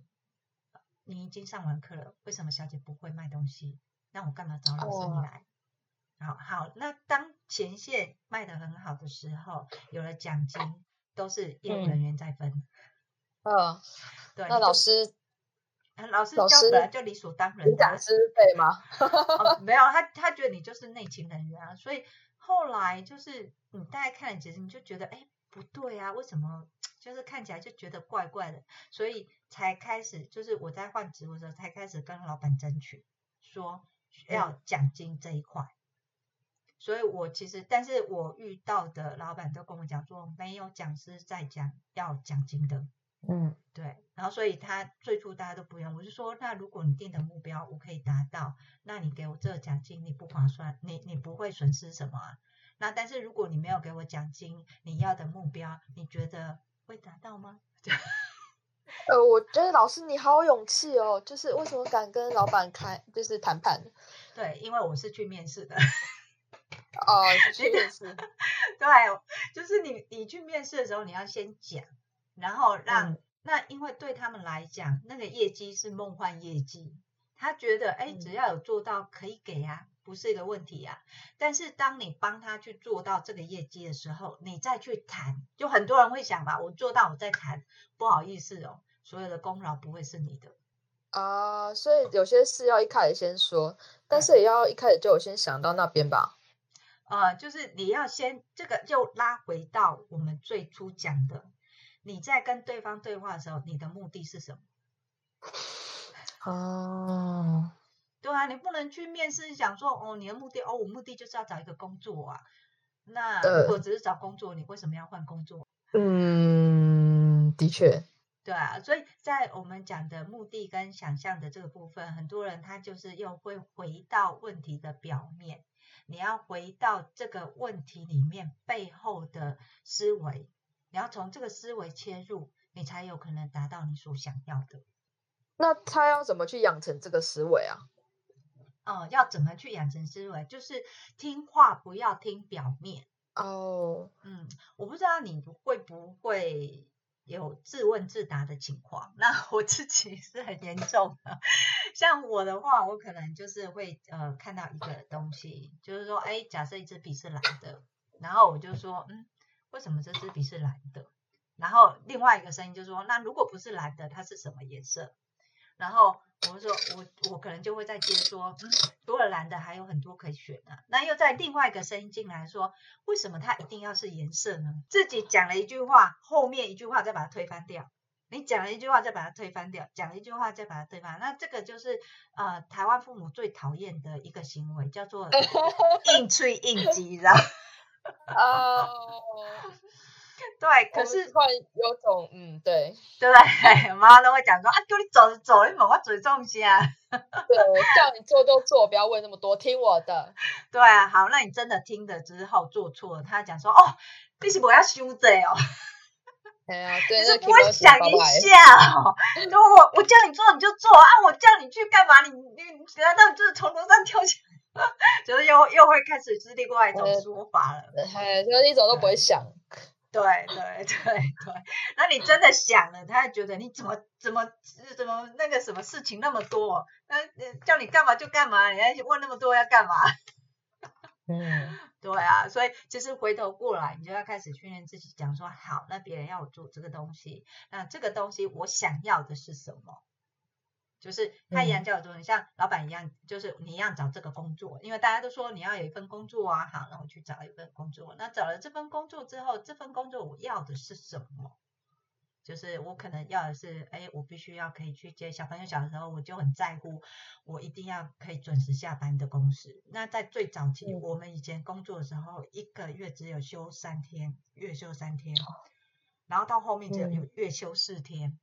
你已經上完課了，為什麼小姐不會賣東西？那我幹嘛找老師你來？Oh. 好好，那當前線賣得很好的時候，有了獎金，都是業務人員在分。嗯，嗯對，嗯、就那老師，老師教本來就理所當然，講師費嗎、 [laughs] 哦？沒有，他他覺得你就是內勤人員啊，所以後來就是你大概看了，幾次，你就覺得，哎，不對啊，為什麼？就是看起來就覺得怪怪的，所以才開始，就是我在換職務的時候才開始跟老闆爭取，說要獎金這一塊。所以我其實，但是我遇到的老闆都跟我講說，沒有講師在講要獎金的。嗯，對。然後所以他最初大家都不用，我就說，那如果你定的目標我可以達到，那你給我這個獎金你不划算，你你不會損失什麼啊？那但是如果你沒有給我獎金，你要的目標你覺得？會達到嗎？ [laughs] 呃，我覺得老師你好有勇氣哦，就是為什麼敢跟老板開就是談判？對，因為我是去面試的。 [laughs] 哦，是去面試。 [laughs] 對，就是你你去面試的時候，你要先講，然後讓、嗯、那因為對他們來講，那個業績是夢幻業績，他覺得誒，只要有做到可以給啊。不是一個問題呀、啊，但是當你幫他去做到這個業績的時候，你再去談，就很多人會想吧，我做到，我再談，不好意思哦，所有的功勞不會是你的啊、呃，所以有些事要一開始先說，但是也要一開始就先想到那邊吧、嗯，呃，就是你要先這個就拉回到我們最初講的，你在跟對方對話的時候，你的目的是什麼？哦、嗯。對啊，你不能去面試，想說哦，你的目的哦，我目的就是要找一個工作啊。那如果只是找工作，呃，你為什麼要換工作？嗯，的確。對啊，所以在我們講的目的跟想象的這個部分，很多人他就是又會回到問題的表面。你要回到這個問題裡面背後的思維，你要從這個思維切入，你才有可能達到你所想要的。那他要怎麼去養成這個思維啊？哦、嗯，要怎麼去養成思維？就是聽話不要聽表面哦。Oh. 嗯，我不知道你會不會有自問自答的情況。那我自己是很嚴重的。 [laughs] 像我的話，我可能就是會呃看到一個東西，就是說，哎、欸，假設一支筆是藍的，然後我就說，嗯，為什麼這支筆是藍的？然後另外一個聲音就是說，那如果不是藍的，它是什麼顏色？然後。我說我我可能就會再接說，嗯，除了藍的還有很多可以選的，啊、那又在另外一個聲音進來說，為什麼他一定要是顏色呢？自己講了一句話，後面一句話再把它推翻掉。你講了一句話再把它推翻掉，講了一句話再把它推翻。那這個就是呃，台灣父母最討厭的一個行為，叫做硬吹硬擠， [laughs] 知道嗎？Oh. 對，可是突然有種嗯，對對不對？媽媽都會講說啊，叫你做就做你某，我最重心啊。對，叫你做就做，不要問那麼多，聽我的。對啊，好，那你真的聽了之後做錯了，他講說哦，你是不要羞的哦。哎呀、啊，對，就你是不會想一下，哦， [laughs] 如果我我叫你做你就做啊，我叫你去幹嘛？你你難道就是從樓上跳下來？ [laughs] 就是又又會開始是另外一種說法了。嘿，對對對就是一種都不會想。對對對對，那你真的想了，他還覺得你怎麼怎麼怎麼那個什麼事情那麼多，那叫你幹嘛就幹嘛，你還問那麼多要幹嘛？ [laughs] 嗯，對啊，所以其實回頭過來，你就要開始訓練自己，講說好，那別人要我做這個東西，那這個東西我想要的是什麼？就是他一樣叫做你像老闆一樣，就是你一樣找這個工作，因為大家都說你要有一份工作啊，好，那我去找一份工作。那找了這份工作之後，這份工作我要的是什麼？就是我可能要的是，哎，我必須要可以去接小朋友。小的時候我就很在乎，我一定要可以準時下班的公司。那在最早期，我們以前工作的時候，一個月只有休三天，月休三天，然後到後面只有月休四天。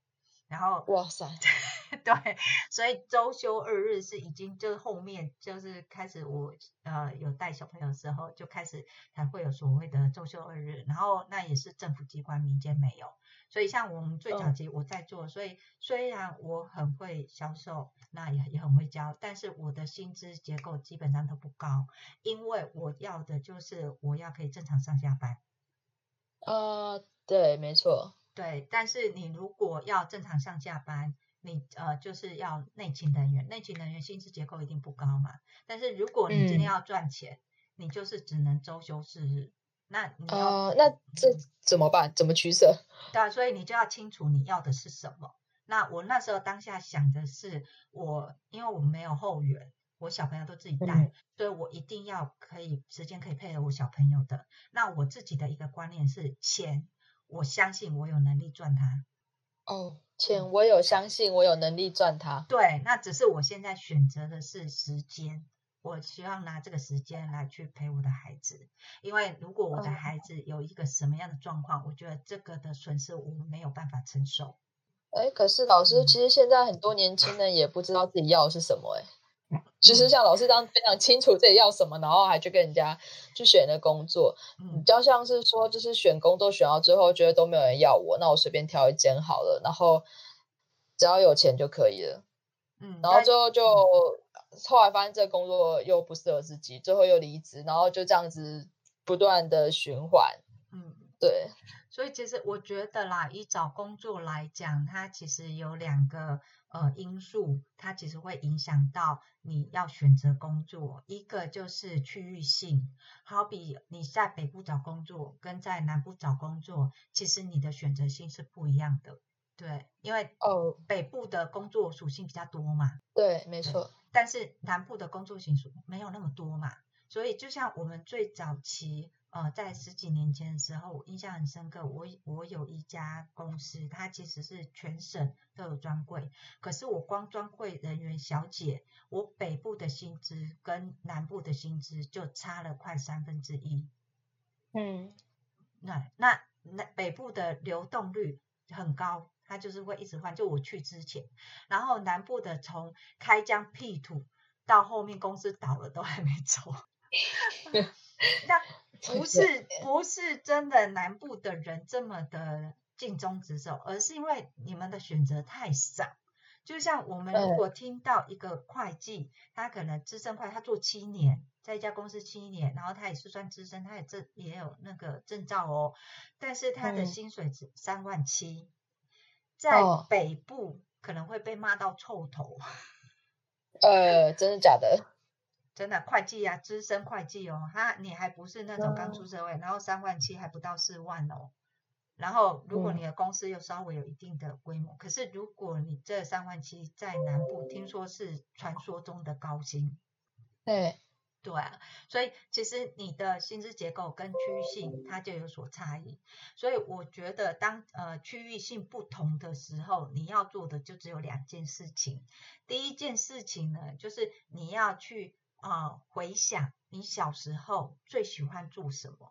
然後哇塞， [laughs] 對，所以周休二日是已經就是後面就是開始我呃有帶小朋友的時候，就開始才會有所謂的周休二日，然後那也是政府機關民間沒有，所以像我們最早期我在做，嗯、所以雖然我很會銷售，那也很也很會教，但是我的薪資結構基本上都不高，因為我要的就是我要可以正常上下班。呃，對，沒錯。對，但是你如果要正常上下班，你呃就是要內勤人員，內勤人員薪資結構一定不高嘛。但是如果你今天要賺錢，嗯、你就是只能周休四日。那你要、呃、那這怎麼辦？嗯、怎麼取舍？對啊，所以你就要清楚你要的是什麼。那我那時候當下想的是，我因為我們沒有後援，我小朋友都自己帶，嗯、所以我一定要可以時間可以配合我小朋友的。那我自己的一個觀念是錢。我相信我有能力賺它，哦、oh，錢我有相信我有能力賺它，嗯。對，那只是我現在選擇的是時間，我希望拿這個時間來去陪我的孩子，因為如果我的孩子有一個什麼樣的狀況，oh。我覺得這個的損失我們沒有辦法承受。誒，可是老師，其實現在很多年輕人也不知道自己要的是什麼，誒。其實像老師這樣非常清楚自己要什麼，嗯，然後還去跟人家去選的工作，嗯，就像是說，就是選工作選到最後覺得都沒有人要我，那我隨便挑一間好了，然後只要有錢就可以了。嗯，然後最後就但後來發現這個工作又不適合自己，最後又離職，然後就這樣子不斷的循環。嗯，對。所以其實我覺得啦，以找工作來講，它其實有兩個。呃，因素它其實會影響到你要選擇工作，一個就是區域性，好比你在北部找工作跟在南部找工作，其實你的選擇性是不一樣的，對，因為哦北部的工作屬性比較多嘛，對，沒錯，但是南部的工作型屬沒有那麼多嘛，所以就像我們最早期。呃，在十幾年前的時候，我印象很深刻。我我有一家公司，它其實是全省都有專櫃，可是我光專櫃人員小姐，我北部的薪資跟南部的薪資就差了快三分之一。嗯，那那北北部的流動率很高，它就是會一直換，就我去之前，然後南部的從開疆闢土到後面公司倒了都還沒走，那。 [laughs] [laughs] 不是不是真的南部的人這麼的盡忠職守，而是因為你們的選擇太少。就像我們如果聽到一個會計，嗯、他可能資深會計，他做七年，在一家公司七年，然後他也是算資深，他也這也有那個證照哦，但是他的薪水值三萬七，在北部可能會被罵到臭頭。嗯哦、呃，真的假的？真的、啊、會計啊，資深會計哦，他你還不是那種剛出社會，嗯、然後三萬七還不到四萬哦，然後如果你的公司又稍微有一定的規模，嗯、可是如果你這三萬七在南部，聽說是傳說中的高薪，對，對、啊，所以其實你的薪資結構跟區域性它就有所差異，所以我覺得當呃區域性不同的時候，你要做的就只有兩件事情，第一件事情呢，就是你要去。啊、哦！回想你小時候最喜歡做什麼？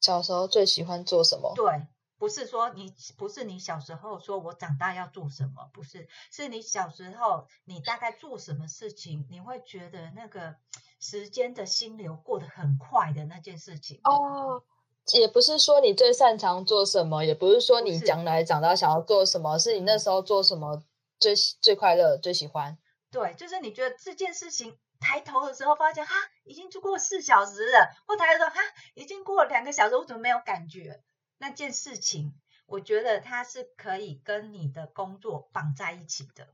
小時候最喜歡做什麼？對，不是說你不是你小時候說我長大要做什麼，不是，是你小時候你大概做什麼事情，你會覺得那個時間的心流過得很快的那件事情哦。嗯、也不是說你最擅長做什麼，也不是說你將來長大想要做什麼，是，是你那時候做什麼最最快樂、最喜歡。對，就是你覺得這件事情。抬頭的時候發現哈，已經做過四小時了；或抬頭說哈，已經過了兩個小時，我怎麼沒有感覺？那件事情，我覺得它是可以跟你的工作綁在一起的。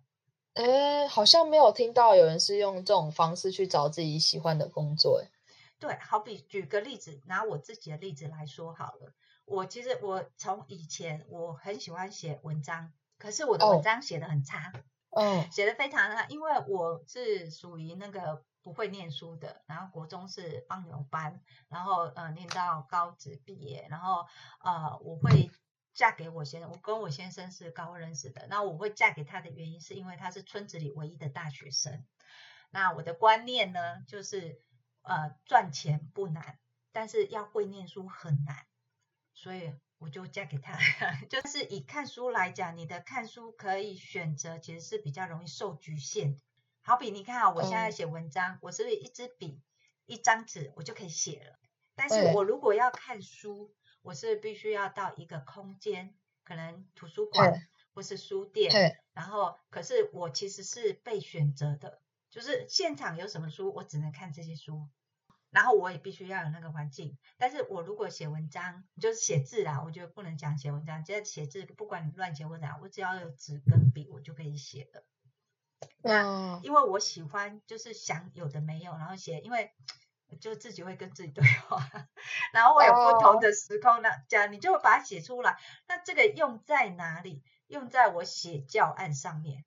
哎、呃，好像沒有聽到有人是用這種方式去找自己喜歡的工作。哎，對，好比舉個例子，拿我自己的例子來說好了。我其實我從以前我很喜歡寫文章，可是我的文章寫得很差。哦寫的、嗯、非常，因為我是屬於那個不會念書的，然後國中是放牛班，然後呃念到高職畢業，然後呃我會嫁給我先生，我跟我先生是高中認識的，那我會嫁給他的原因是因為他是村子裡唯一的大學生，那我的觀念呢，就是呃賺錢不難，但是要會念書很難，所以。我就嫁給他呵呵，就是以看書來講，你的看書可以選擇，其實是比較容易受局限。好比你看啊、哦，我現在寫文章，嗯、我是有一支筆、一張紙，我就可以寫了。但是我如果要看書，我是必須要到一個空間，可能圖書館對或是書店。對然後，可是我其實是被選擇的，就是現場有什麼書，我只能看這些書。然後我也必須要有那個環境，但是我如果寫文章，就是寫字啊，我就不能講寫文章，只要寫字，不管你亂寫或者怎樣，我只要有紙跟筆，我就可以寫的。嗯，因為我喜歡就是想有的沒有，然後寫，因為我就自己會跟自己對話、啊，然後我有不同的時空，哦、那講你就會把它寫出來。那這個用在哪裡？用在我寫教案上面，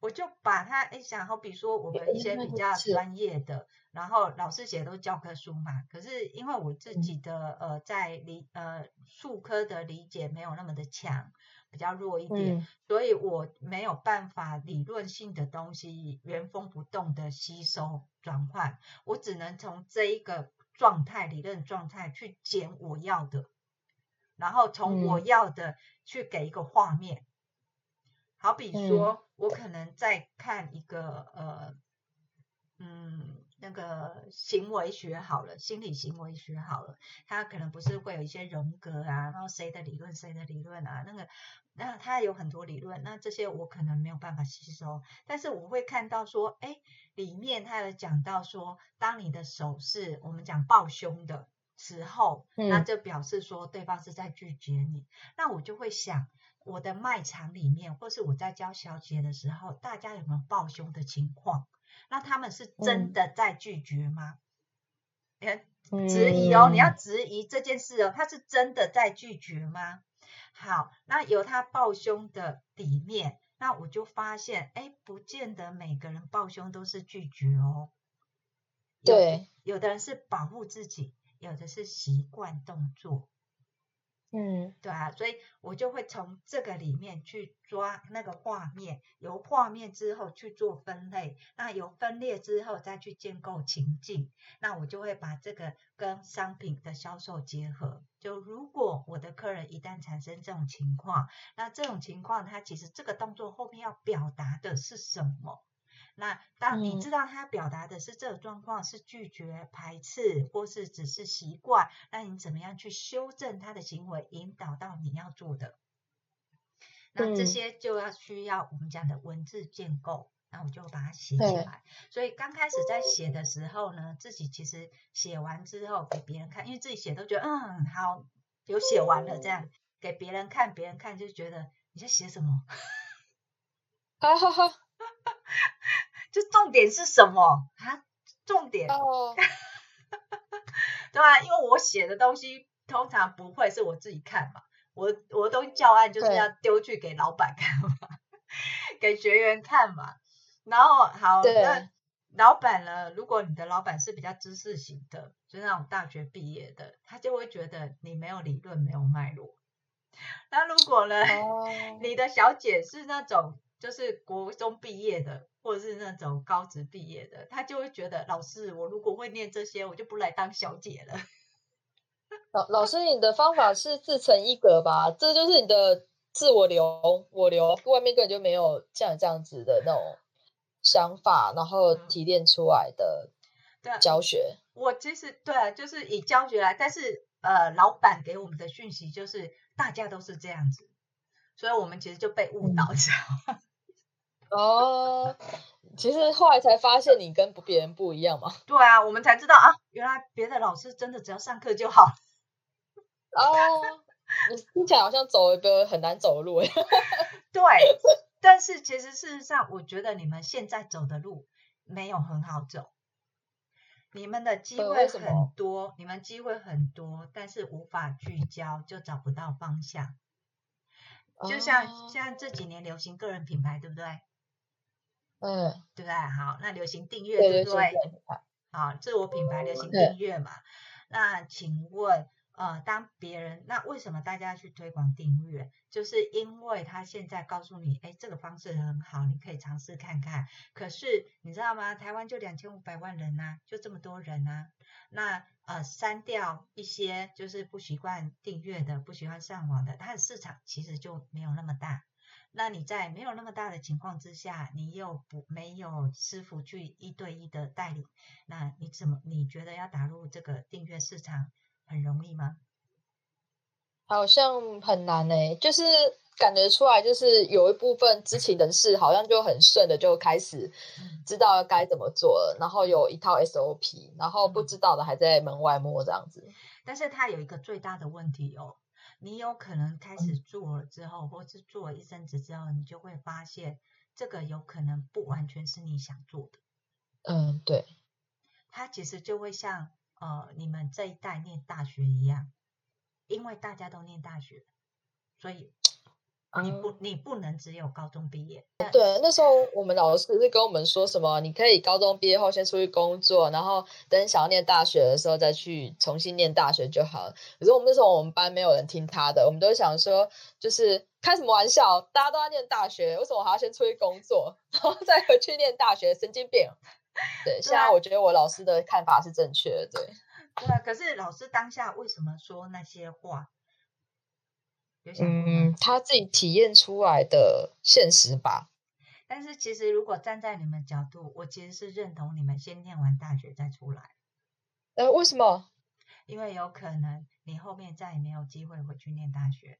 我就把它哎想，好比說我們一些比較專業的。嗯嗯然後老師寫的都是教科書嘛，可是因為我自己的、嗯、呃在理呃數科的理解沒有那麼的強，比較弱一點，嗯、所以我沒有辦法理論性的東西原封不動的吸收轉換，我只能從這一個狀態理論狀態去撿我要的，然後從我要的去給一個畫面，嗯、好比說、嗯、我可能在看一個呃，嗯。那個行為學好了，心理行為學好了，他可能不是會有一些人格啊，然後誰的理論，誰的理論啊，那個，那他有很多理論，那這些我可能沒有辦法吸收，但是我會看到說，哎，裡面他有講到說，當你的手勢，我們講抱胸的時候，嗯，那就表示說對方是在拒絕你，那我就會想，我的賣場裡面，或是我在教小姐的時候，大家有沒有抱胸的情況？那他們是真的在拒絕嗎？哎、嗯，質疑哦，你要質疑這件事哦，他是真的在拒絕嗎？好，那有他抱胸的底面，那我就發現，哎，不見得每個人抱胸都是拒絕哦。對有，有的人是保護自己，有的是習慣動作。嗯，對啊，所以我就會從這個裡面去抓那個畫面，由畫面之後去做分類，那由分類之後再去建構情境，那我就會把這個跟商品的銷售結合。就如果我的客人一旦產生這種情況，那這種情況他其實這個動作後面要表達的是什麼？那當你知道他表達的是這個狀況、嗯、是拒絕、排斥，或是只是習慣，那你怎麼樣去修正他的行為，引導到你要做的？嗯、那這些就要需要我們講的文字建構。那我就把它寫起來。對所以剛開始在寫的時候呢，自己其實寫完之後給別人看，因為自己寫都覺得嗯好，有寫完了這樣給別人看，別人看，別人看就覺得你在寫什麼？啊哈哈。就重點是什麼？重點哦，oh. [laughs] 對吧、啊？因為我寫的東西通常不會是我自己看嘛，我我的教案就是要丟去給老闆看嘛，對 [laughs] 給學員看嘛。然後好，對那老闆呢？如果你的老闆是比較知識型的，就那種大學畢業的，他就會覺得你沒有理論，沒有脈絡。那如果呢，oh. 你的小姐是那種，就是國中畢業的，或者是那種高職畢業的，他就會覺得老師，我如果會念這些，我就不來當小姐了。老老師，你的方法是自成一格吧？這就是你的自我流，我流，外面根本就沒有像這這樣子的那種想法，然後提煉出來的教學。嗯，對啊，我其實，對啊，就是以教學來，但是呃，老闆給我們的訊息就是大家都是這樣子，所以我們其實就被誤導了。嗯哦，其實後來才發現你跟別人不一樣嘛。對啊，我們才知道啊，原來別的老師真的只要上課就好。哦，我聽起來好像走一個很難走的路哎。對，但是其實事實上，我覺得你們現在走的路沒有很好走。你們的機會很多，你們機會很多，但是無法聚焦，就找不到方向。就像、哦、像這幾年流行個人品牌，對不對？嗯，對對？好，那流行訂閱對不對？對對對對，好，自我品牌流行訂閱嘛。對那請問，呃，當別人那為什麼大家去推廣訂閱？就是因為他現在告訴你，哎，這個方式很好，你可以嘗試看看。可是你知道嗎？台灣就兩千五百萬人吶、啊，就這麼多人吶、啊。那呃，刪掉一些就是不習慣訂閱的、不習慣上網的，它的市場其實就沒有那麼大。那你在沒有那麼大的情況之下，你又不沒有師傅去一對一的帶領，那你怎麼你覺得要打入這個訂閱市場很容易嗎？好像很難呢、欸，就是感覺出來，就是有一部分知情人士好像就很順的就開始知道該怎麼做了，然後有一套 SOP，然後不知道的還在門外摸這樣子。嗯、但是它有一個最大的問題哦。你有可能開始做了之後，嗯、或是做了一陣子之後，你就會發現這個有可能不完全是你想做的。嗯，對。它其實就會像呃你們這一代唸大學一樣，因為大家都唸大學，所以。你不，嗯，你不能只有高中畢業。對，那時候我們老師是跟我們說什麼？你可以高中畢業後先出去工作，然後等想要念大學的時候再去重新念大學就好了。可是我們那時候我們班沒有人聽他的，我們都想說，就是開什麼玩笑？大家都在念大學，為什麼還要先出去工作，然後再回去念大學？神經病！對，對啊，現在我覺得我老師的看法是正確的。對，對啊，可是老師當下為什麼說那些話？嗯，他自己體驗出來的現實吧。但是其實，如果站在你們角度，我其實是認同你們先念完大學再出來。呃，為什麼？因為有可能你後面再也沒有機會回去念大學。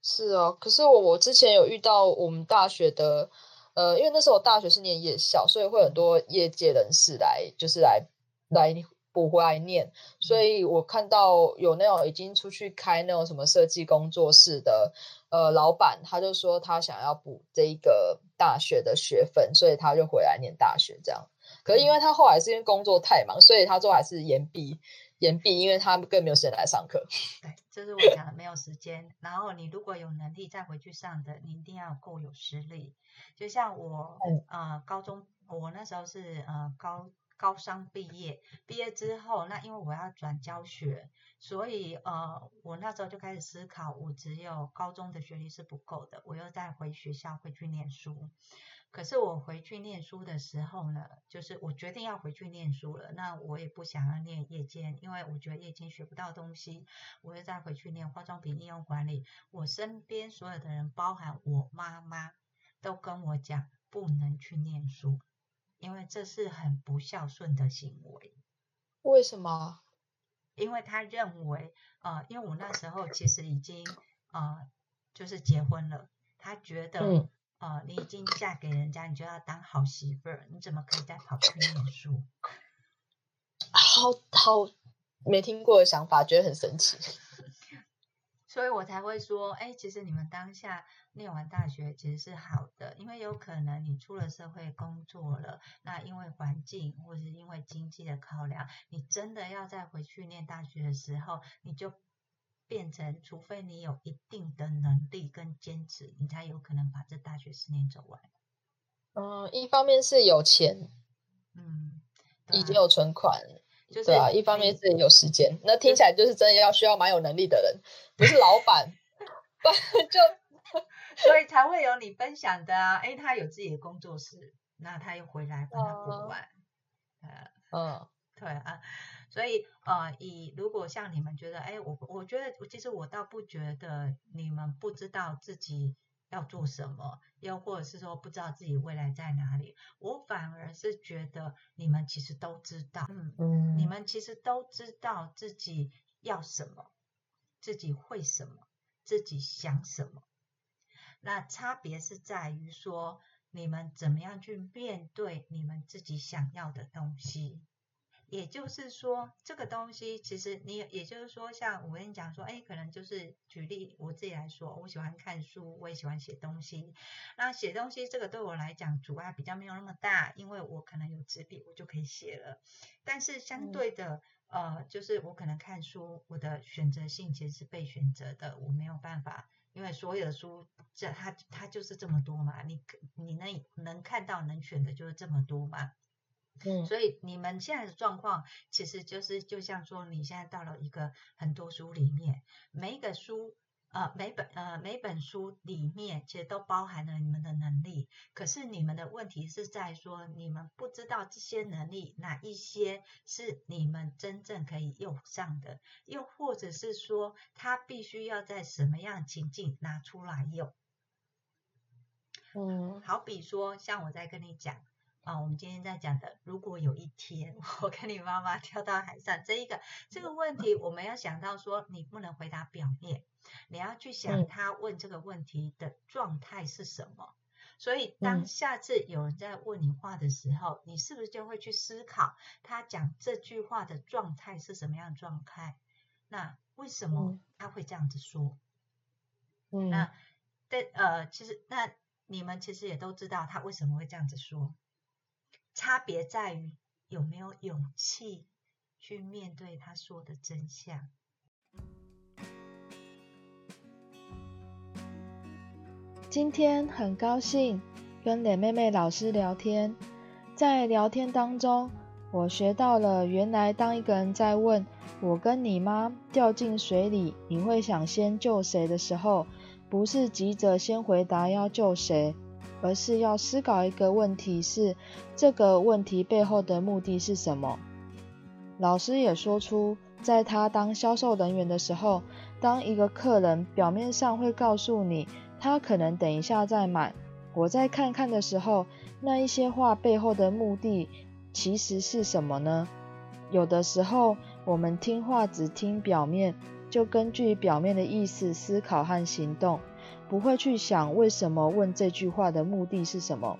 是哦，可是我我之前有遇到我們大學的，呃，因為那時候我大學是念夜校，所以會很多業界人士來，就是來、嗯、來。補回來念，所以我看到有那種已經出去開那種什麼設計工作室的呃老闆，他就說他想要補這一個大學的學分，所以他就回來念大學這樣。可是因為他後來是因為工作太忙，所以他最後還是延畢，延畢，因為他更沒有時間來上課。對，這是我講的沒有時間。然後你如果有能力再回去上的，你一定要夠有，有實力。就像我呃高中，我那時候是呃高，高商畢業，畢業之後，那因為我要轉教學，所以呃，我那時候就開始思考，我只有高中的學歷是不夠的，我又再回學校回去念書。可是我回去念書的時候呢，就是我決定要回去念書了，那我也不想要念夜間，因為我覺得夜間學不到東西，我又再回去念化妝品應用管理。我身邊所有的人，包含我媽媽，都跟我講，不能去念書。因為這是很不孝順的行為。為什麼？因為他認為，呃，因為我那時候其實已經，呃，就是結婚了。他覺得，嗯，呃，你已經嫁給人家，你就要當好媳婦兒，你怎麼可以再跑去念書？好好，沒聽過的想法，覺得很神奇。 [laughs] 所以我才會說，哎，其實你們當下。念完大學其實是好的，因為有可能你出了社會工作了，那因為環境或是因為經濟的考量，你真的要再回去念大學的時候，你就變成除非你有一定的能力跟堅持，你才有可能把這大學四年走完。嗯，一方面是有錢，嗯，啊、已經有存款，就是啊，一方面是有時間，誒那聽起來就是真的要需要蠻有能力的人，不是老闆，對就。 [laughs] 所以才會有你分享的啊！哎、欸，他有自己的工作室，那他又回來幫他補完，uh. 呃，嗯，對啊，所以呃以如果像你們覺得，哎、欸，我我覺得，其實我倒不覺得你們不知道自己要做什麼，又或者是說不知道自己未來在哪裡，我反而是覺得你們其實都知道，嗯，嗯，你們其實都知道自己要什麼，自己會什麼，自己想什麼。那差別是在於說，你們怎麼樣去面對你們自己想要的東西。也就是說，這個東西其實你，也就是說，像我跟你講說，哎，可能就是舉例我自己來說，我喜歡看書，我也喜歡寫東西。那寫東西這個對我來講阻礙、啊、比較沒有那麼大，因為我可能有紙筆，我就可以寫了。但是相對的，呃，就是我可能看書，我的選擇性其實是被選擇的，我沒有辦法。因為所有的書，這它它就是這麼多嘛，你你能能看到、能選的就是這麼多嘛。嗯。所以你們現在的狀況，其實就是就像說，你現在到了一個很多書裡面，每一個書。呃，每本呃每本書裡面其實都包含了你們的能力，可是你們的問題是在說，你們不知道這些能力哪一些是你們真正可以用上的，又或者是說，他必須要在什麼樣的情境拿出來用。嗯，好比說，像我在跟你講啊、呃，我們今天在講的，如果有一天我跟你媽媽跳到海上，這一個這個問題，我們要想到說，你不能回答表面。你要去想他問這個問題的狀態是什麼，對所以當下次有人在問你話的時候，嗯、你是不是就會去思考他講這句話的狀態是什麼樣的狀態？那為什麼他會這樣子說？嗯、那對，呃，其實那你們其實也都知道他為什麼會這樣子說，差別在於有沒有勇氣去面對他說的真相。今天很高興跟臉妹妹老師聊天，在聊天當中，我學到了原來當一個人在問我跟你媽掉進水裡，你會想先救誰的時候，不是急着先回答要救誰，而是要思考一個問題是這個問題背後的目的是什麼。老師也說出，在他當銷售人員的時候，當一個客人表面上會告訴你。他可能等一下再買，我再看看的時候，那一些話背後的目的其實是什麼呢？有的時候我們聽話只聽表面，就根據表面的意思思考和行動，不會去想為什麼問這句話的目的是什麼。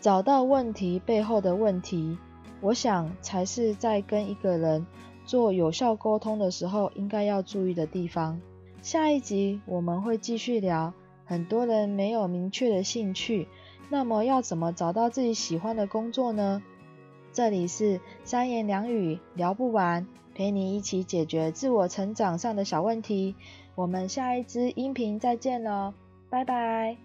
找到問題背後的問題，我想才是在跟一個人做有效溝通的時候應該要注意的地方。下一集我們會繼續聊。很多人沒有明確的興趣，那麼要怎麼找到自己喜歡的工作呢？這裡是三妍良語聊不完，陪你一起解決自我成長上的小問題。我們下一支音頻再見嘍，拜拜。